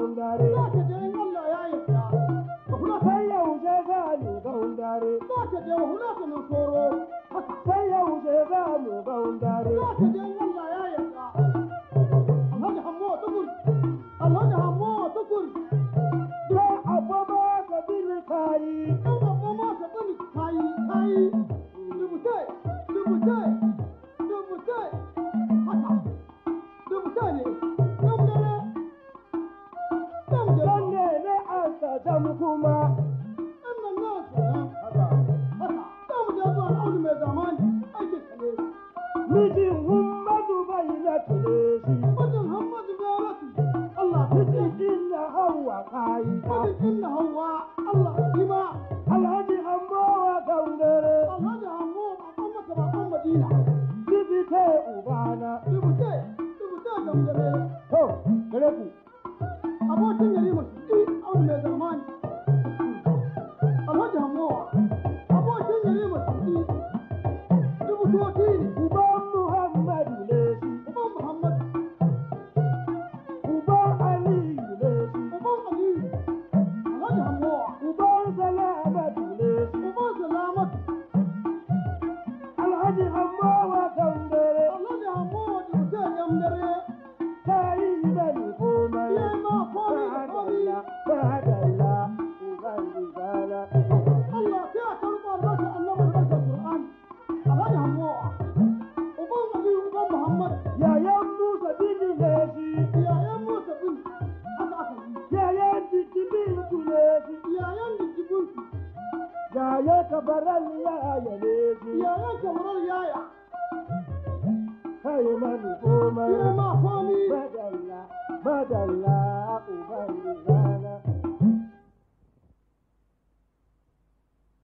hundare za je Allah tamu kuma annan na Allah mijin inna hawa hawa Allah kima alhaji hammawa gaundare alhaji hammawa babban maka babban madina dibite ubana dibite dibite gaundare to gare ku abokin madalla madalla عقب الرجال